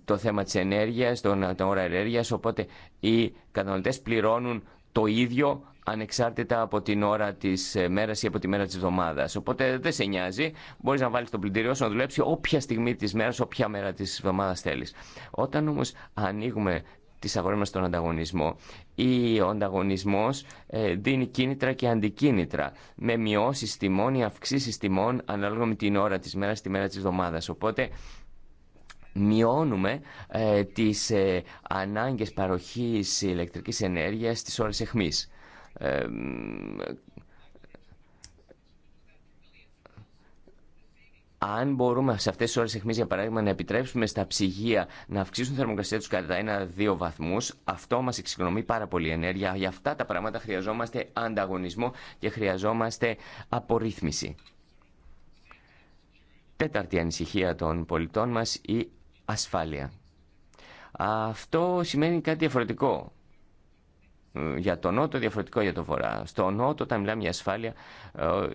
το θέμα τη ενέργεια, τον, αγορα ώρα ενέργειας, οπότε οι καταναλωτέ πληρώνουν το ίδιο ανεξάρτητα από την ώρα τη ε, μέρα ή από τη μέρα τη εβδομάδα. Οπότε δεν σε νοιάζει. Μπορεί να βάλει το πλυντήριό σου να δουλέψει όποια στιγμή τη μέρα, όποια μέρα τη εβδομάδα θέλει. Όταν όμω ανοίγουμε τις αγορές μας στον ανταγωνισμό. Ή ο ανταγωνισμός ε, δίνει κίνητρα και αντικίνητρα με μειώσεις τιμών ή αυξήσει τιμών ανάλογα με την ώρα της μέρας, τη μέρα της εβδομάδας. Οπότε μειώνουμε ε, τις ε, ανάγκες παροχής ηλεκτρικής ενέργειας στις ώρες εχμής. Ε, Αν μπορούμε σε αυτέ τι ώρε αιχμή, για παράδειγμα, να επιτρέψουμε στα ψυγεία να αυξήσουν τη θερμοκρασία του κατά ένα-δύο βαθμού, αυτό μα εξοικονομεί πάρα πολύ ενέργεια. Για αυτά τα πράγματα χρειαζόμαστε ανταγωνισμό και χρειαζόμαστε απορρίθμιση. Τέταρτη ανησυχία των πολιτών μας η ασφάλεια. Αυτό σημαίνει κάτι διαφορετικό ε, για τον Νότο, διαφορετικό για τον Βορρά. Στο Νότο, όταν μιλάμε για ασφάλεια, ε, ε,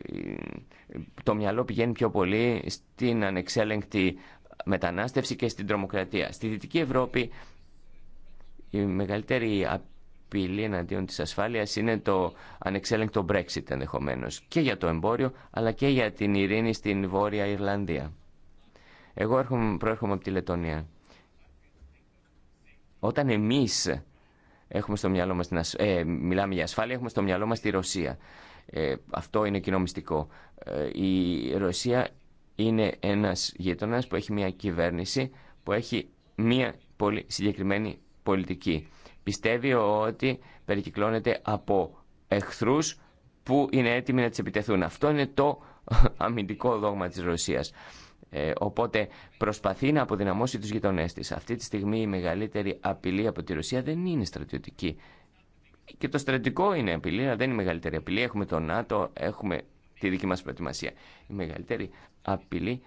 το μυαλό πηγαίνει πιο πολύ στην ανεξέλεγκτη μετανάστευση και στην τρομοκρατία. Στη Δυτική Ευρώπη, η μεγαλύτερη απειλή εναντίον της ασφάλειας είναι το ανεξέλεγκτο Brexit ενδεχομένω και για το εμπόριο, αλλά και για την ειρήνη στην Βόρεια Ιρλανδία. Εγώ προέρχομαι από τη Λετωνία. Όταν εμείς έχουμε στο μυαλό μας την ε, μιλάμε για ασφάλεια, έχουμε στο μυαλό μας τη Ρωσία. Ε, αυτό είναι κοινό μυστικό. Ε, η Ρωσία είναι ένας γείτονας που έχει μια κυβέρνηση που έχει μια πολύ συγκεκριμένη πολιτική. Πιστεύει ότι περικυκλώνεται από εχθρούς που είναι έτοιμοι να τις επιτεθούν. Αυτό είναι το [laughs] αμυντικό δόγμα της Ρωσίας. Ε, οπότε προσπαθεί να αποδυναμώσει τους γειτονές της. Αυτή τη στιγμή η μεγαλύτερη απειλή από τη Ρωσία δεν είναι στρατιωτική. Και το στρατιωτικό είναι απειλή, αλλά δεν είναι η μεγαλύτερη απειλή. Έχουμε το ΝΑΤΟ, έχουμε τη δική μας προετοιμασία. Η μεγαλύτερη απειλή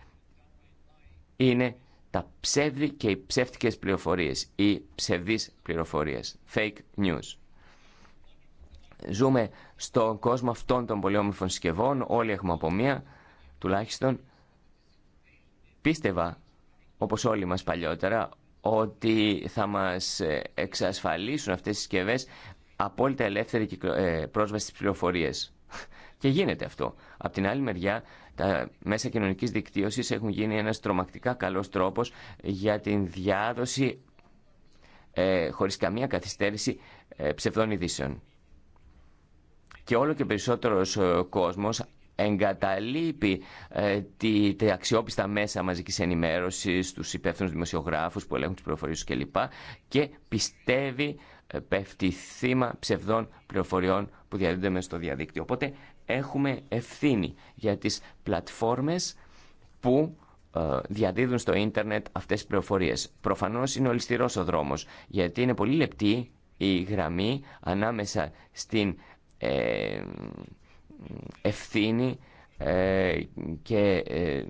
είναι τα ψεύδη και οι ψεύτικες πληροφορίες ή ψευδείς πληροφορίες, fake news. Ζούμε στον κόσμο αυτών των πολυόμορφων συσκευών, όλοι έχουμε από μία τουλάχιστον Πίστευα, όπως όλοι μας παλιότερα, ότι θα μας εξασφαλίσουν αυτές οι συσκευέ απόλυτα ελεύθερη ε, πρόσβαση στις πληροφορίες. [laughs] Και γίνεται αυτό. Απ' την άλλη μεριά, τα μέσα κοινωνικής δικτύωσης έχουν γίνει ένας τρομακτικά καλός τρόπος για την διάδοση ε, χωρίς καμία καθυστέρηση ε, ψευδών ειδήσεων. Και όλο και περισσότερος ε, κόσμος εγκαταλείπει ε, τη, αξιόπιστα μέσα μαζικής ενημέρωσης, τους υπεύθυνους δημοσιογράφους που ελέγχουν τις πληροφορίες κλπ. και πιστεύει ε, πέφτει θύμα ψευδών πληροφοριών που διαδίδονται μέσα στο διαδίκτυο. Οπότε έχουμε ευθύνη για τις πλατφόρμες που ε, διαδίδουν στο ίντερνετ αυτές τις πληροφορίες. Προφανώς είναι ολιστηρός ο δρόμος, γιατί είναι πολύ λεπτή η γραμμή ανάμεσα στην ε, ευθύνη ε, και ε,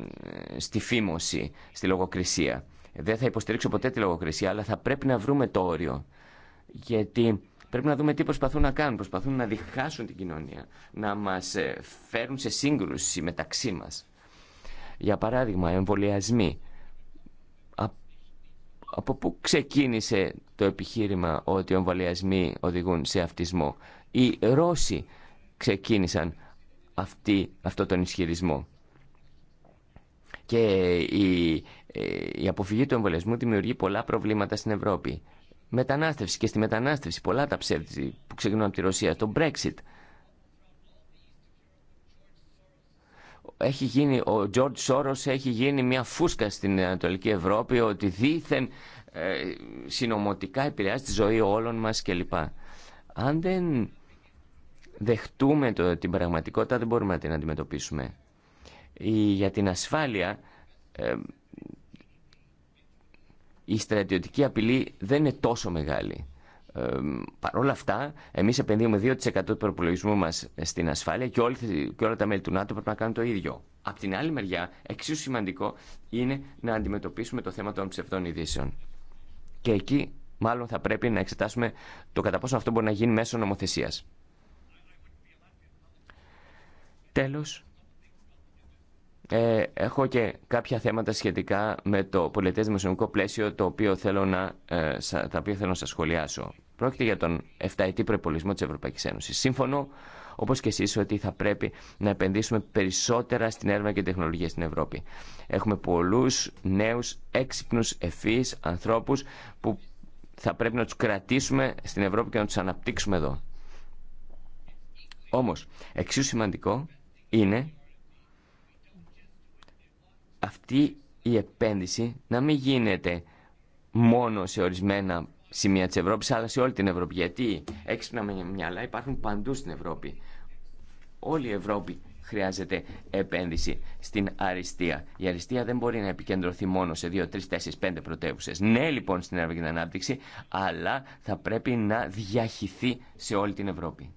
στη φήμωση, στη λογοκρισία. Δεν θα υποστηρίξω ποτέ τη λογοκρισία, αλλά θα πρέπει να βρούμε το όριο. Γιατί πρέπει να δούμε τι προσπαθούν να κάνουν. Προσπαθούν να διχάσουν την κοινωνία, να μας ε, φέρουν σε σύγκρουση μεταξύ μας. Για παράδειγμα, εμβολιασμοί. Από πού ξεκίνησε το επιχείρημα ότι οι εμβολιασμοί οδηγούν σε αυτισμό. Οι Ρώσοι ξεκίνησαν αυτή, αυτό τον ισχυρισμό. Και η, ε, η αποφυγή του εμβολιασμού δημιουργεί πολλά προβλήματα στην Ευρώπη. Μετανάστευση και στη μετανάστευση πολλά τα ψεύδι που ξεκινούν από τη Ρωσία, το Brexit. Έχει γίνει, ο Τζορτ Σόρος έχει γίνει μια φούσκα στην Ανατολική Ευρώπη ότι δήθεν ε, συνωμοτικά επηρεάζει τη ζωή όλων μας κλπ. Αν δεν δεχτούμε το, την πραγματικότητα δεν μπορούμε να την αντιμετωπίσουμε. Η, για την ασφάλεια ε, η στρατιωτική απειλή δεν είναι τόσο μεγάλη. Ε, Παρ' όλα αυτά, εμείς επενδύουμε 2% του προπολογισμού μας στην ασφάλεια και, και όλα τα μέλη του ΝΑΤΟ πρέπει να κάνουν το ίδιο. Απ' την άλλη μεριά, εξίσου σημαντικό είναι να αντιμετωπίσουμε το θέμα των ψευδών ειδήσεων. Και εκεί μάλλον θα πρέπει να εξετάσουμε το κατά πόσο αυτό μπορεί να γίνει μέσω νομοθεσίας. Τέλος, ε, έχω και κάποια θέματα σχετικά με το πολιτές δημοσιονομικό πλαίσιο το οποίο θέλω να, ε, τα οποία θέλω να σας σχολιάσω. Πρόκειται για τον 7 η προπολισμό της Ευρωπαϊκής Ένωσης. Σύμφωνο, όπως και εσείς, ότι θα πρέπει να επενδύσουμε περισσότερα στην έρευνα και τεχνολογία στην Ευρώπη. Έχουμε πολλούς νέους έξυπνους ευφύς ανθρώπους που θα πρέπει να τους κρατήσουμε στην Ευρώπη και να τους αναπτύξουμε εδώ. Όμως, εξίσου σημαντικό είναι αυτή η επένδυση να μην γίνεται μόνο σε ορισμένα σημεία της Ευρώπης, αλλά σε όλη την Ευρώπη. Γιατί έξυπνα μυαλά υπάρχουν παντού στην Ευρώπη. Όλη η Ευρώπη χρειάζεται επένδυση στην αριστεία. Η αριστεία δεν μπορεί να επικεντρωθεί μόνο σε 2, 3, 4, 5 πρωτεύουσε. Ναι, λοιπόν, στην έργα την ανάπτυξη, αλλά θα πρέπει να διαχυθεί σε όλη την Ευρώπη.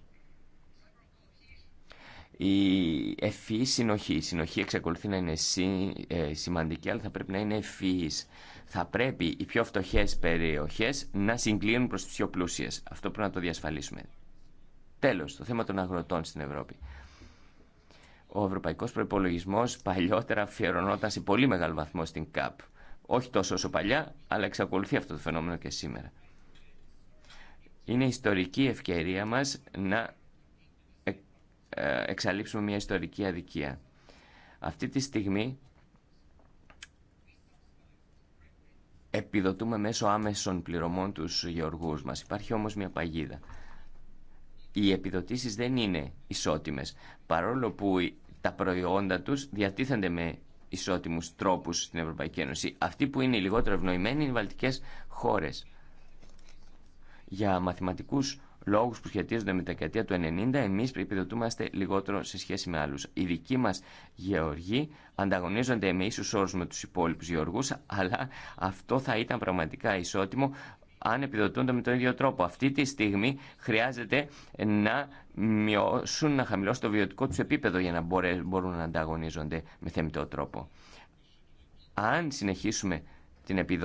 Η ευφυή συνοχή. Η συνοχή εξακολουθεί να είναι ε, σημαντική, αλλά θα πρέπει να είναι ευφυή. Θα πρέπει οι πιο φτωχέ περιοχέ να συγκλίνουν προ τι πιο πλούσιε. Αυτό πρέπει να το διασφαλίσουμε. Τέλο, το θέμα των αγροτών στην Ευρώπη. Ο ευρωπαϊκό προπολογισμό παλιότερα αφιερωνόταν σε πολύ μεγάλο βαθμό στην ΚΑΠ. Όχι τόσο όσο παλιά, αλλά εξακολουθεί αυτό το φαινόμενο και σήμερα. Είναι ιστορική ευκαιρία μας να ε, εξαλείψουμε μια ιστορική αδικία. Αυτή τη στιγμή επιδοτούμε μέσω άμεσων πληρωμών τους γεωργούς μας. Υπάρχει όμως μια παγίδα. Οι επιδοτήσεις δεν είναι ισότιμες, παρόλο που τα προϊόντα τους διατίθενται με ισότιμους τρόπους στην Ευρωπαϊκή Ένωση. Αυτοί που είναι οι λιγότερο ευνοημένοι είναι οι βαλτικές χώρες. Για μαθηματικούς λόγους που σχετίζονται με τα δεκαετία του 90, εμείς επιδοτούμαστε λιγότερο σε σχέση με άλλους. Οι δικοί μας γεωργοί ανταγωνίζονται με ίσους όρους με τους υπόλοιπους γεωργούς, αλλά αυτό θα ήταν πραγματικά ισότιμο αν επιδοτούνται με τον ίδιο τρόπο. Αυτή τη στιγμή χρειάζεται να μειώσουν, να χαμηλώσουν το βιωτικό τους επίπεδο για να μπορούν να ανταγωνίζονται με θεμητό τρόπο. Αν συνεχίσουμε την επιδότηση,